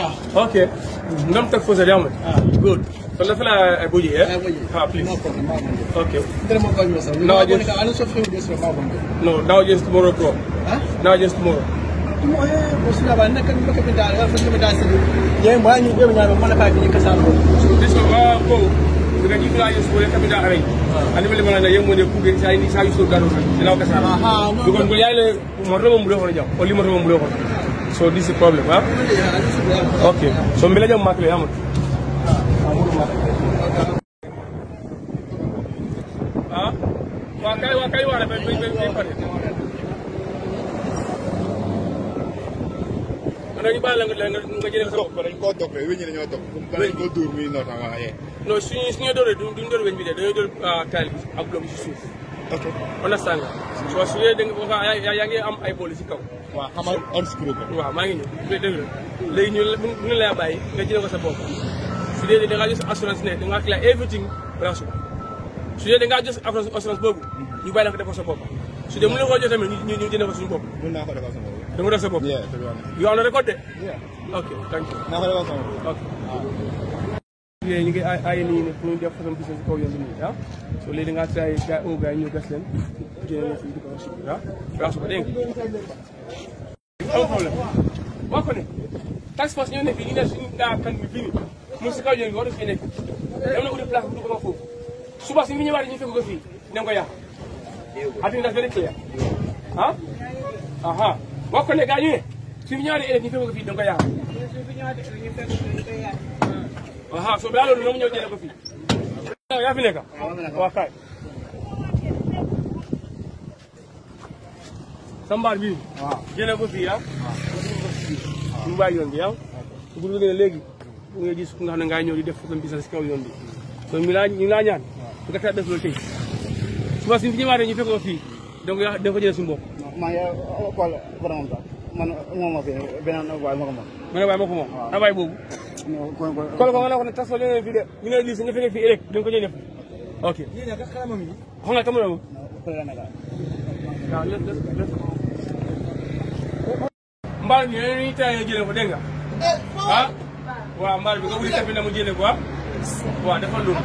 Ah. Okay. Nam tak fo Ah. Good. Fala fala abuji eh? Ha ah, please. Okay. Now just No, now just tomorrow bro. ¿Ah? Now just tomorrow. Tomorrow eh, kan mana so this is problem ah okay so mbele jam makle amul ah wa kay wa kay wala be be be pare ana ni bala nga nga jël sa bopp dañ ko dog weñ dañu dog dañ ko dóor muy nota waaye non suñu suñu doore duñ doore weñ bi de dañu doore taal bi ak bloc ci suuf on a sanga soo suyee da nga yaa ngi am ay boole si kaw. waaw xamal obscure ko. waaw maa ngi ñëw dégg nga léegi ñu bu ñu lay bàyyi nga jëlee ko sa bopp su dee da ngaa jël assurance ne da ngaa clear everything branche ko su dee da ngaa jël assurance boobu ñu bàyyi la ko defal sa bopp su dee mënuñu koo jël tamit ñu ñu jëndee ko suñu bopp. mën naa ko defal sa bopp. da nga def sa bopp. yow am na récolte. ok thank you. naa ko defal sa bopp. ok. Ah. yooyu ñu ngi ay nii ne pour ñu def façon business si kaw yoon bi nii ah so léegi a ngaa try gaa oo gaa yi ñu gas leen génne leen fii di ko ah. suba dégg nga ñu ne si kaw yoon bi waru fii nekk dem na uti place bu dugg ma foofu suba si mu ñëwaat ñu fekk ko fii dinañ ko yàq atin daf a clear ah aha wax ko ne gaa ñu ne su ñu ñëwaatee élève fekk ko fii dinañ ko yàq aha so ɓe alolu noon ñew jele ko fii yaafine ka jele ko fii yaw ɗum mbawi yon bi yaw gurɓe gene léegi nga gis ko nga xam ne ngay ñëw di def photo si kaw yoon bi donc ñu laa ñu laa ñaan nga taa def loolu tey suba si ñu ñëwaatee fekk ko fii donc yaa da nga ko jëlee suñu maa ngi xool borom man moom boobu. kon ko nga ko ne tas ko ñëwee fii de ñu ne lii si nga fekkee fii rek dañ ko ñëw def ok xam nga kamera moom mbaal bi yéen ñuy taayee jëlee ko dégg nga ah waaw mbaal bi nga wuli kafe na mu jëlee ko ah waaw defal loolu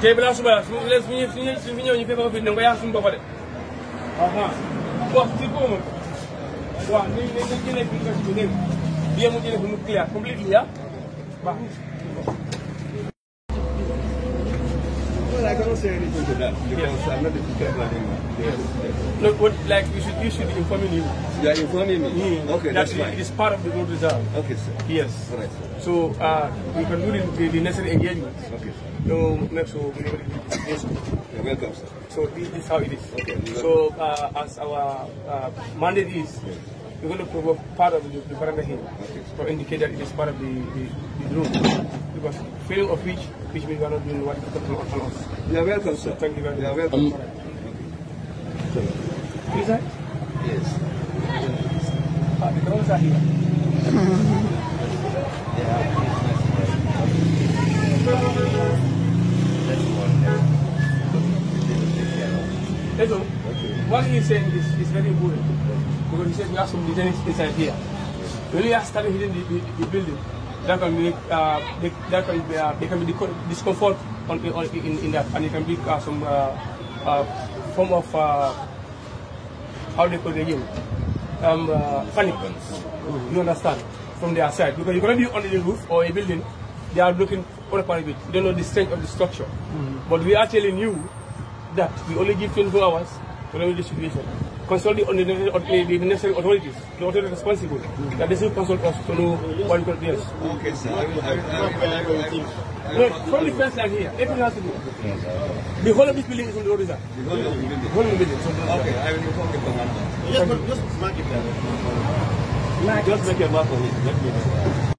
tey balaa suba su ñu su ñu ñëw ñu fekk ko fi ne ko yaa suñu bopp de ah wax ci kóomu waaw ni ni ni jëlee fi mu ko si dégg nga bi mu jëlee fi mu clear complètement Vamos. yes. No, but like you should you should be informing him. You are informing me. Mm. Okay, that's, that's fine. It's part of the road reserve. Okay, sir. Yes. All right. Sir. So uh, we can do the, the, the necessary engagements. Okay. So next, so yes. You're welcome, sir. So this is how it is. Okay. So uh, as our uh, mandate is. Yes we're going to prove part of the, the veranda here to indicate that it is part of the, the, the room. Because failing of which, which means we are not doing what what is on, on us. You are welcome, sir. Thank you very much. You are welcome. Um, is Yes. Ah, the girls are here. Hello. Okay. What he's saying is, is very important because he says we have some detainees inside here. When we started hitting the, the, the building, that can be, uh, they, can be, uh, can be discomfort on, on, in, in that, and it can be uh, some form of how they call it again, um, panic. You understand from their side because you're gonna be under the roof or a building. They are looking for part of it. They don't know the strength of the structure, mm -hmm. but we are telling you that we only give 24 hours to remedy the situation consult the, the, necessary authorities, the authorities responsible, that they should consult us to know what we can do. Okay, sir. I will, I will, I will, I will, no, from the first line here, everything has to do. The whole of this building is on the road, sir. The whole of the building? The whole of the building. Okay, I will inform the commander. Just, just mark it down. Just make a mark on it. Let me know.